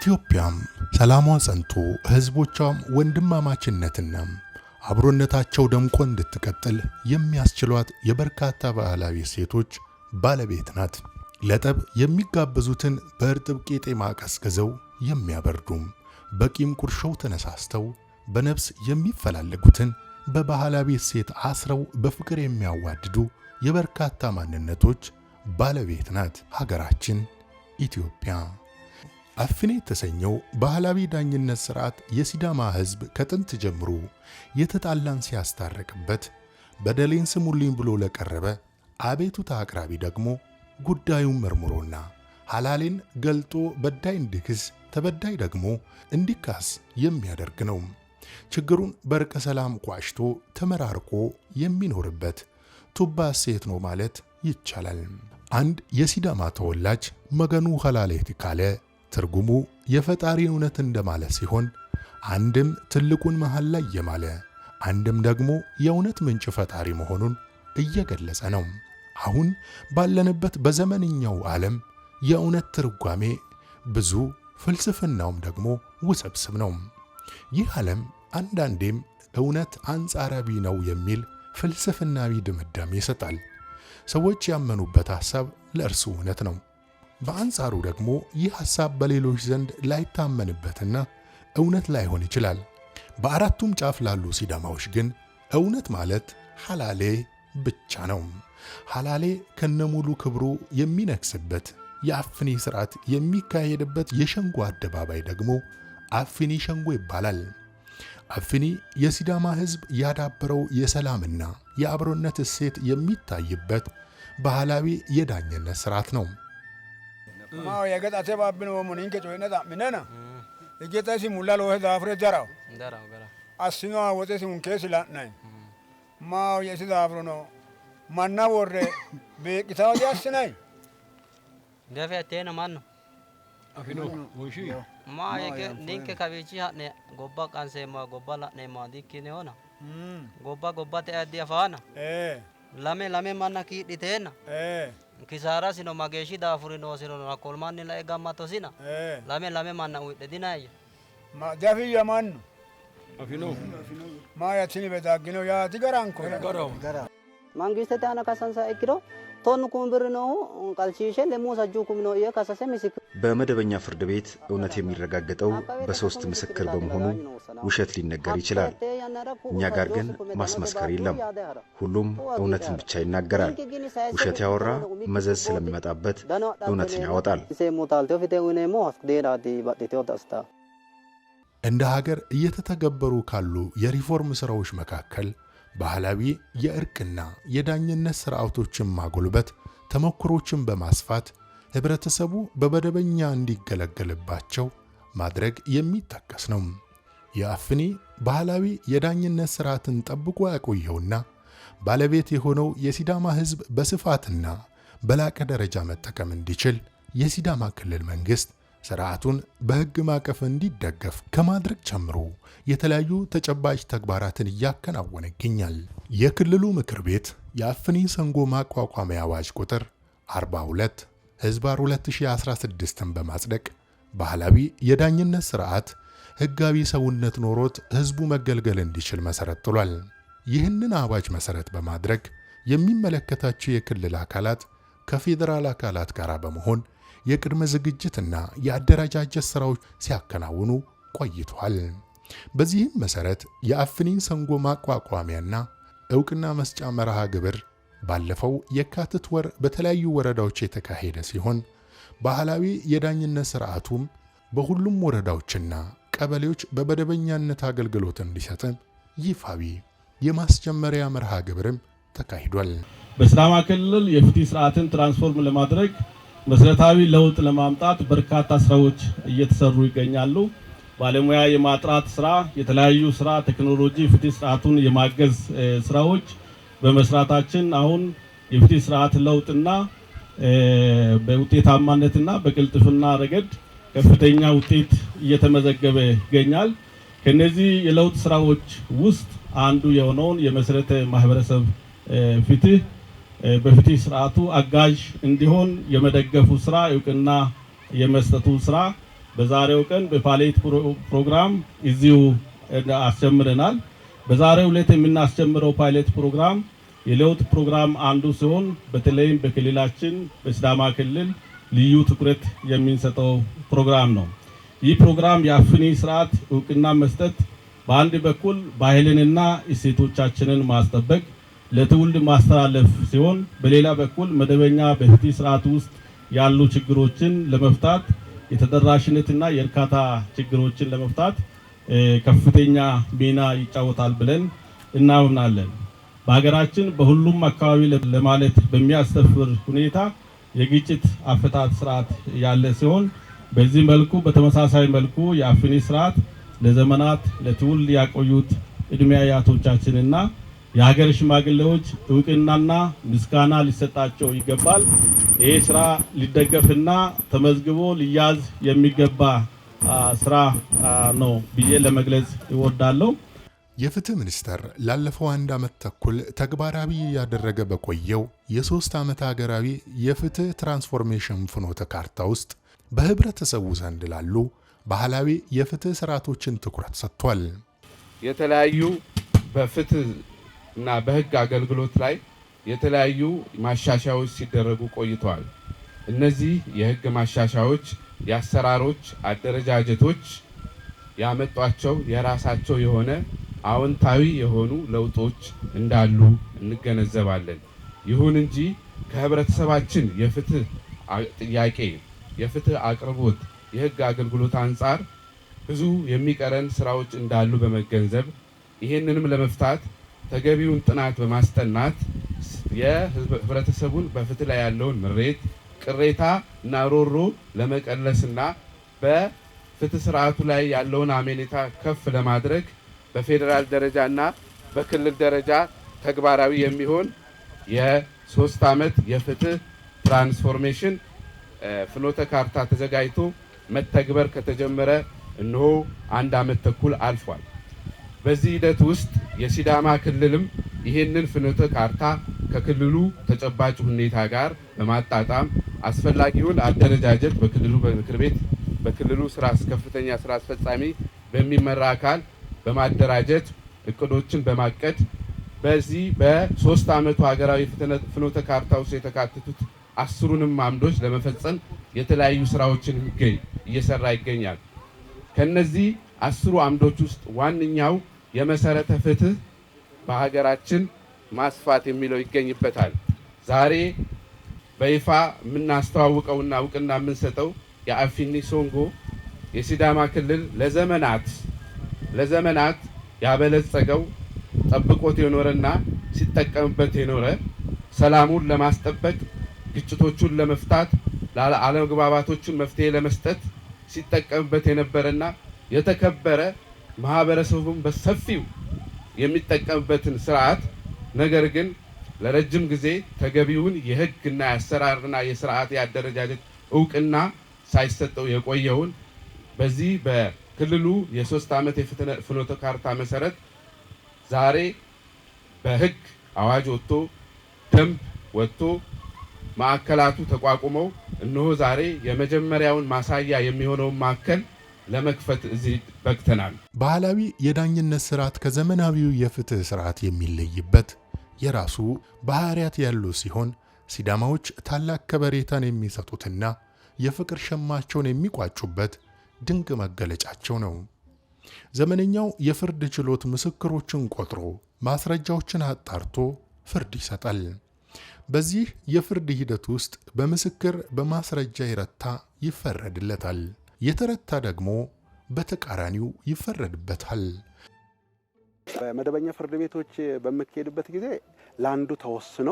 ኢትዮጵያም ሰላሟ ጸንቶ ህዝቦቿም ወንድማማችነትና አብሮነታቸው ደምቆ እንድትቀጥል የሚያስችሏት የበርካታ ባህላዊ ሴቶች ባለቤት ናት። ለጠብ የሚጋበዙትን በእርጥብ ቄጤማ ቀስቅዘው የሚያበርዱም፣ በቂም ቁርሾው ተነሳስተው በነፍስ የሚፈላለጉትን በባህላዊ ሴት አስረው በፍቅር የሚያዋድዱ የበርካታ ማንነቶች ባለቤት ናት ሀገራችን ኢትዮጵያ። አፍኔ የተሰኘው ባህላዊ ዳኝነት ሥርዓት የሲዳማ ሕዝብ ከጥንት ጀምሮ የተጣላን ሲያስታረቅበት፣ በደሌን ስሙልኝ ብሎ ለቀረበ አቤቱታ አቅራቢ ደግሞ ጉዳዩን መርምሮና ሐላሌን ገልጦ በዳይ እንዲክስ ተበዳይ ደግሞ እንዲካስ የሚያደርግ ነው። ችግሩን በርቀ ሰላም ቋሽቶ ተመራርቆ የሚኖርበት ቱባ ሴት ነው ማለት ይቻላል። አንድ የሲዳማ ተወላጅ መገኑ ሐላሌ ካለ። ትርጉሙ የፈጣሪ እውነት እንደማለ ሲሆን አንድም ትልቁን መሃል ላይ የማለ አንድም ደግሞ የእውነት ምንጭ ፈጣሪ መሆኑን እየገለጸ ነው። አሁን ባለንበት በዘመንኛው ዓለም የእውነት ትርጓሜ ብዙ፣ ፍልስፍናውም ደግሞ ውስብስብ ነው። ይህ ዓለም አንዳንዴም እውነት አንጻራቢ ነው የሚል ፍልስፍናዊ ድምዳሜ ይሰጣል። ሰዎች ያመኑበት ሐሳብ ለእርሱ እውነት ነው በአንጻሩ ደግሞ ይህ ሐሳብ በሌሎች ዘንድ ላይታመንበትና እውነት ላይሆን ይችላል። በአራቱም ጫፍ ላሉ ሲዳማዎች ግን እውነት ማለት ሐላሌ ብቻ ነው። ሐላሌ ከነሙሉ ክብሩ የሚነግስበት የአፍኒ ስርዓት የሚካሄድበት የሸንጎ አደባባይ ደግሞ አፍኒ ሸንጎ ይባላል። አፍኒ የሲዳማ ሕዝብ ያዳበረው የሰላምና የአብሮነት እሴት የሚታይበት ባህላዊ የዳኝነት ስርዓት ነው። No ya kita siapa va a nih un nih tak mina na kita si mula loh que afre jarau jarau gara asino de tuh si mungkin si lah nih ma ya si dah afre no mana be ¿Qué no ya ke nih ke kavici hat gobba kanse gobba eh lame lame eh kisara sino mageeshi daafurino sino nakkolmaanni lae gammatosina lame lame manna uwidhe dinaayya jafiyya mannu afino maayachini bedaaggino yaati garanko mangiistete aana kasansa ikkiro ቶን ኩምብር ነው ቀልሺሼ ለሞሳጁ ኩም ነው የከሰሰ ምስክር በመደበኛ ፍርድ ቤት እውነት የሚረጋገጠው በሶስት ምስክር በመሆኑ ውሸት ሊነገር ይችላል። እኛ ጋር ግን ማስመስከር የለም። ሁሉም እውነትን ብቻ ይናገራል። ውሸት ያወራ መዘዝ ስለሚመጣበት እውነትን ያወጣል። እንደ ሀገር እየተተገበሩ ካሉ የሪፎርም ሥራዎች መካከል ባህላዊ የእርቅና የዳኝነት ስርዓቶችን ማጎልበት፣ ተሞክሮችን በማስፋት ህብረተሰቡ በመደበኛ እንዲገለገልባቸው ማድረግ የሚጠቀስ ነው። የአፍኔ ባህላዊ የዳኝነት ስርዓትን ጠብቆ ያቆየውና ባለቤት የሆነው የሲዳማ ህዝብ በስፋትና በላቀ ደረጃ መጠቀም እንዲችል የሲዳማ ክልል መንግሥት ስርዓቱን በሕግ ማዕቀፍ እንዲደገፍ ከማድረግ ጀምሮ የተለያዩ ተጨባጭ ተግባራትን እያከናወነ ይገኛል። የክልሉ ምክር ቤት የአፍኒ ሰንጎ ማቋቋሚያ አዋጅ ቁጥር 42 ህዝባር 2016ን በማጽደቅ ባህላዊ የዳኝነት ስርዓት ሕጋዊ ሰውነት ኖሮት ሕዝቡ መገልገል እንዲችል መሠረት ጥሏል። ይህንን አዋጅ መሠረት በማድረግ የሚመለከታቸው የክልል አካላት ከፌዴራል አካላት ጋር በመሆን የቅድመ ዝግጅትና የአደረጃጀት ስራዎች ሲያከናውኑ ቆይቷል። በዚህም መሰረት የአፍኒን ሰንጎ ማቋቋሚያና እውቅና መስጫ መርሃ ግብር ባለፈው የካቲት ወር በተለያዩ ወረዳዎች የተካሄደ ሲሆን ባህላዊ የዳኝነት ስርዓቱም በሁሉም ወረዳዎችና ቀበሌዎች በመደበኛነት አገልግሎት እንዲሰጥ ይፋዊ የማስጀመሪያ መርሃ ግብርም ተካሂዷል። በሲዳማ ክልል የፍትህ ስርዓትን ትራንስፎርም ለማድረግ መሰረታዊ ለውጥ ለማምጣት በርካታ ስራዎች እየተሰሩ ይገኛሉ። ባለሙያ የማጥራት ስራ፣ የተለያዩ ስራ፣ ቴክኖሎጂ ፍትህ ስርዓቱን የማገዝ ስራዎች በመስራታችን አሁን የፍትህ ስርዓት ለውጥና በውጤታማነትና በቅልጥፍና ረገድ ከፍተኛ ውጤት እየተመዘገበ ይገኛል። ከነዚህ የለውጥ ስራዎች ውስጥ አንዱ የሆነውን የመሰረተ ማህበረሰብ ፍትህ በፍትህ ስርዓቱ አጋዥ እንዲሆን የመደገፉ ስራ እውቅና የመስጠቱ ስራ በዛሬው ቀን በፓሌት ፕሮግራም እዚሁ አስጀምረናል። በዛሬው ዕለት የምናስጀምረው ፓይለት ፕሮግራም የለውጥ ፕሮግራም አንዱ ሲሆን በተለይም በክልላችን በሲዳማ ክልል ልዩ ትኩረት የምንሰጠው ፕሮግራም ነው። ይህ ፕሮግራም የአፍኒ ስርዓት እውቅና መስጠት በአንድ በኩል ባህልንና እሴቶቻችንን ማስጠበቅ ለትውልድ ማስተላለፍ ሲሆን በሌላ በኩል መደበኛ በፍቲ ስርዓት ውስጥ ያሉ ችግሮችን ለመፍታት የተደራሽነትና የእርካታ ችግሮችን ለመፍታት ከፍተኛ ሚና ይጫወታል ብለን እናምናለን። በሀገራችን በሁሉም አካባቢ ለማለት በሚያስተፍር ሁኔታ የግጭት አፈታት ስርዓት ያለ ሲሆን በዚህ መልኩ በተመሳሳይ መልኩ የአፍኒ ስርዓት ለዘመናት ለትውልድ ያቆዩት እድሜ አያቶቻችንና የሀገር ሽማግሌዎች እውቅናና ምስጋና ሊሰጣቸው ይገባል። ይህ ስራ ሊደገፍና ተመዝግቦ ሊያዝ የሚገባ ስራ ነው ብዬ ለመግለጽ ይወዳለሁ የፍትህ ሚኒስቴር ላለፈው አንድ ዓመት ተኩል ተግባራዊ ያደረገ በቆየው የሦስት ዓመት ሀገራዊ የፍትህ ትራንስፎርሜሽን ፍኖተ ካርታ ውስጥ በህብረተሰቡ ዘንድ ላሉ ባህላዊ የፍትህ ስርዓቶችን ትኩረት ሰጥቷል። የተለያዩ በፍትህ እና በህግ አገልግሎት ላይ የተለያዩ ማሻሻያዎች ሲደረጉ ቆይተዋል። እነዚህ የህግ ማሻሻያዎች የአሰራሮች አደረጃጀቶች ያመጧቸው የራሳቸው የሆነ አዎንታዊ የሆኑ ለውጦች እንዳሉ እንገነዘባለን። ይሁን እንጂ ከህብረተሰባችን የፍትህ ጥያቄ፣ የፍትህ አቅርቦት፣ የህግ አገልግሎት አንጻር ብዙ የሚቀረን ስራዎች እንዳሉ በመገንዘብ ይህንንም ለመፍታት ተገቢውን ጥናት በማስጠናት የህብረተሰቡን በፍትህ ላይ ያለውን ምሬት፣ ቅሬታ እና ሮሮ ለመቀለስና በፍትህ ስርዓቱ ላይ ያለውን አሜኔታ ከፍ ለማድረግ በፌዴራል ደረጃ እና በክልል ደረጃ ተግባራዊ የሚሆን የሶስት ዓመት የፍትህ ትራንስፎርሜሽን ፍኖተ ካርታ ተዘጋጅቶ መተግበር ከተጀመረ እነሆ አንድ ዓመት ተኩል አልፏል። በዚህ ሂደት ውስጥ የሲዳማ ክልልም ይህንን ፍኖተ ካርታ ከክልሉ ተጨባጭ ሁኔታ ጋር በማጣጣም አስፈላጊውን አደረጃጀት በክልሉ በምክር ቤት በክልሉ ስራ ከፍተኛ ስራ አስፈጻሚ በሚመራ አካል በማደራጀት እቅዶችን በማቀድ በዚህ በሶስት ዓመቱ ሀገራዊ ፍኖተ ካርታ ውስጥ የተካተቱት አስሩንም አምዶች ለመፈጸም የተለያዩ ስራዎችን እየሰራ ይገኛል። ከነዚህ አስሩ አምዶች ውስጥ ዋነኛው የመሰረተ ፍትህ በሀገራችን ማስፋት የሚለው ይገኝበታል። ዛሬ በይፋ የምናስተዋውቀውና እውቅና የምንሰጠው የአፊኒ ሶንጎ የሲዳማ ክልል ለዘመናት ለዘመናት ያበለጸገው ጠብቆት የኖረና ሲጠቀምበት የኖረ ሰላሙን ለማስጠበቅ ግጭቶቹን ለመፍታት አለመግባባቶቹን መፍትሄ ለመስጠት ሲጠቀምበት የነበረና የተከበረ ማህበረሰቡም በሰፊው የሚጠቀምበትን ስርዓት ነገር ግን ለረጅም ጊዜ ተገቢውን የህግና የአሰራርና የስርዓት የአደረጃጀት እውቅና ሳይሰጠው የቆየውን በዚህ በክልሉ የሶስት ዓመት የፍኖተ ካርታ መሰረት ዛሬ በህግ አዋጅ ወጥቶ ደንብ ወጥቶ ማዕከላቱ ተቋቁመው እነሆ ዛሬ የመጀመሪያውን ማሳያ የሚሆነውን ማዕከል ለመክፈት እዚህ በቅተናል። ባህላዊ የዳኝነት ስርዓት ከዘመናዊው የፍትህ ስርዓት የሚለይበት የራሱ ባህሪያት ያሉ ሲሆን ሲዳማዎች ታላቅ ከበሬታን የሚሰጡትና የፍቅር ሸማቸውን የሚቋጩበት ድንቅ መገለጫቸው ነው። ዘመነኛው የፍርድ ችሎት ምስክሮችን ቆጥሮ ማስረጃዎችን አጣርቶ ፍርድ ይሰጣል። በዚህ የፍርድ ሂደት ውስጥ በምስክር በማስረጃ ይረታ ይፈረድለታል። የተረታ ደግሞ በተቃራኒው ይፈረድበታል። በመደበኛ ፍርድ ቤቶች በምትሄድበት ጊዜ ለአንዱ ተወስኖ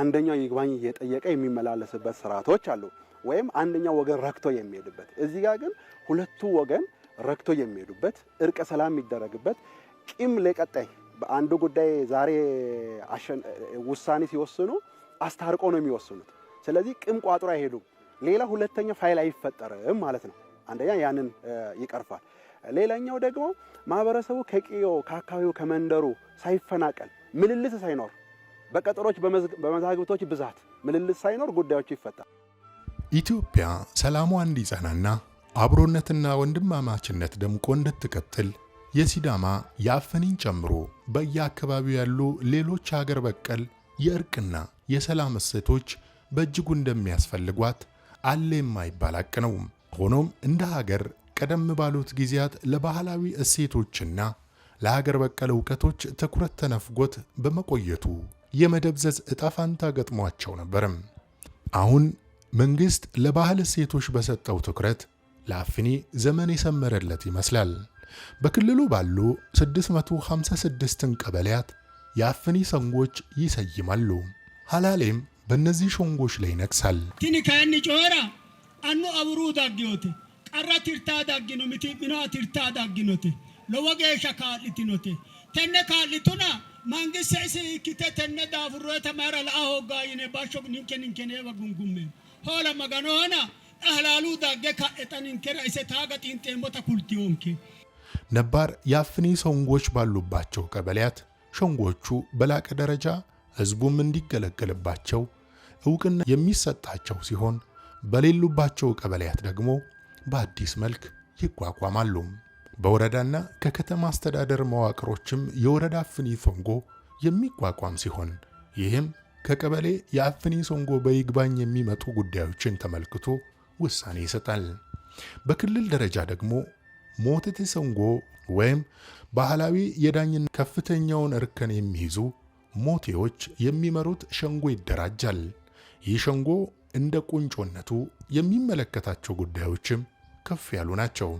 አንደኛው ይግባኝ እየጠየቀ የሚመላለስበት ስርዓቶች አሉ፣ ወይም አንደኛው ወገን ረክቶ የሚሄድበት። እዚህ ጋር ግን ሁለቱ ወገን ረክቶ የሚሄዱበት እርቀ ሰላም የሚደረግበት ቂም ለቀጣይ በአንዱ ጉዳይ ዛሬ ውሳኔ ሲወስኑ አስታርቆ ነው የሚወስኑት። ስለዚህ ቂም ቋጥሮ አይሄዱም። ሌላ ሁለተኛው ፋይል አይፈጠርም ማለት ነው። አንደኛ ያንን ይቀርፋል። ሌላኛው ደግሞ ማህበረሰቡ ከቂዮ ከአካባቢው ከመንደሩ ሳይፈናቀል ምልልስ ሳይኖር በቀጠሮች በመዛግብቶች ብዛት ምልልስ ሳይኖር ጉዳዮቹ ይፈታል። ኢትዮጵያ ሰላሟ እንዲጸናና አብሮነትና ወንድማማችነት ደምቆ እንድትቀጥል የሲዳማ የአፈኒን ጨምሮ በየአካባቢው ያሉ ሌሎች ሀገር በቀል የእርቅና የሰላም እሴቶች በእጅጉ እንደሚያስፈልጓት አለ የማይባል አቅ ነው። ሆኖም እንደ ሀገር ቀደም ባሉት ጊዜያት ለባህላዊ እሴቶችና ለሀገር በቀል እውቀቶች ትኩረት ተነፍጎት በመቆየቱ የመደብዘዝ እጣፋንታ ፋንታ ገጥሟቸው ነበርም። አሁን መንግሥት ለባህል እሴቶች በሰጠው ትኩረት ለአፍኒ ዘመን የሰመረለት ይመስላል። በክልሉ ባሉ 656ን ቀበሌያት የአፍኒ ሰንጎች ይሰይማሉ። ሐላሌም በእነዚህ ሾንጎች ላይ ይነግሳል። ትንካን ጮራ አኑ አብሩ ዳግዮቴ ቀራ ትርታ ዳግኖ ምቲ ምና ትርታ ዳጊኖት ለወገሻ ካልትኖት ተነ ካልቱና መንግስት ሰስ ኪቴ ተነ ዳፍሮ ተማራ ለአሆ ጋይነ ባሾ ንንከን ንንከን ወጉንጉም ሆላ መጋኖ ሆና አህላሉ ዳገ ካእጠን ንከራ እሰ ታጋ ጢንጤሞ ተኩልቲዮንኪ ነባር የአፍኒ ሸንጎች ባሉባቸው ቀበሌያት ሸንጎቹ በላቀ ደረጃ ህዝቡም እንዲገለገልባቸው እውቅና የሚሰጣቸው ሲሆን በሌሉባቸው ቀበሌያት ደግሞ በአዲስ መልክ ይቋቋማሉ። በወረዳና ከከተማ አስተዳደር መዋቅሮችም የወረዳ አፍኒ ሶንጎ የሚቋቋም ሲሆን ይህም ከቀበሌ የአፍኒ ሶንጎ በይግባኝ የሚመጡ ጉዳዮችን ተመልክቶ ውሳኔ ይሰጣል። በክልል ደረጃ ደግሞ ሞቴቴ ሶንጎ ወይም ባህላዊ የዳኝን ከፍተኛውን እርከን የሚይዙ ሞቴዎች የሚመሩት ሸንጎ ይደራጃል። ይህ ሸንጎ እንደ ቁንጮነቱ የሚመለከታቸው ጉዳዮችም ከፍ ያሉ ናቸው።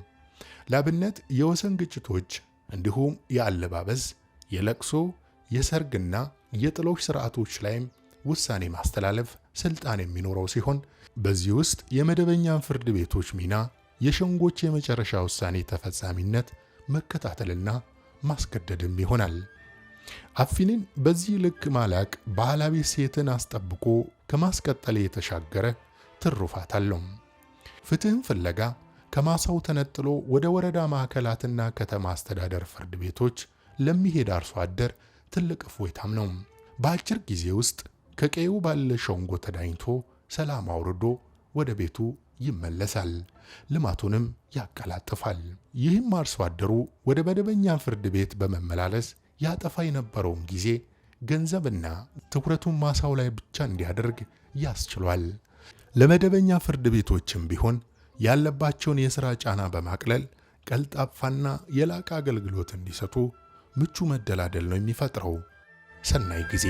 ላብነት የወሰን ግጭቶች እንዲሁም የአለባበስ፣ የለቅሶ፣ የሰርግና የጥሎሽ ስርዓቶች ላይም ውሳኔ ማስተላለፍ ስልጣን የሚኖረው ሲሆን በዚህ ውስጥ የመደበኛን ፍርድ ቤቶች ሚና የሸንጎች የመጨረሻ ውሳኔ ተፈጻሚነት መከታተልና ማስገደድም ይሆናል። አፊንን በዚህ ልክ ማላቅ ባህላዊ ሴትን አስጠብቆ ከማስቀጠል የተሻገረ ትሩፋት አለው። ፍትህን ፍለጋ ከማሳው ተነጥሎ ወደ ወረዳ ማዕከላትና ከተማ አስተዳደር ፍርድ ቤቶች ለሚሄድ አርሶ አደር ትልቅ እፎይታም ነው። በአጭር ጊዜ ውስጥ ከቀዩ ባለ ሸንጎ ተዳኝቶ ሰላም አውርዶ ወደ ቤቱ ይመለሳል። ልማቱንም ያቀላጥፋል። ይህም አርሶ አደሩ ወደ መደበኛ ፍርድ ቤት በመመላለስ ያጠፋ የነበረውን ጊዜ ገንዘብና ትኩረቱን ማሳው ላይ ብቻ እንዲያደርግ ያስችሏል። ለመደበኛ ፍርድ ቤቶችም ቢሆን ያለባቸውን የሥራ ጫና በማቅለል ቀልጣፋና የላቀ አገልግሎት እንዲሰጡ ምቹ መደላደል ነው የሚፈጥረው። ሰናይ ጊዜ